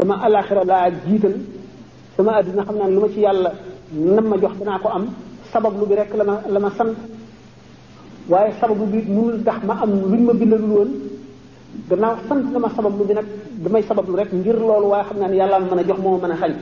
sama alaxira laa jiital sama àddina xam naa lu ma ci yàlla nam ma jox danaa ko am sabab lu bi rek la ma la ma sant waaye sabablu bi mënul tax ma am luñ ma bindalul woon gannaaw sant na ma lu bi nag damay sabab lu rek ngir loolu waaye xam naa ne yàlla mën a jox moo mën a xañ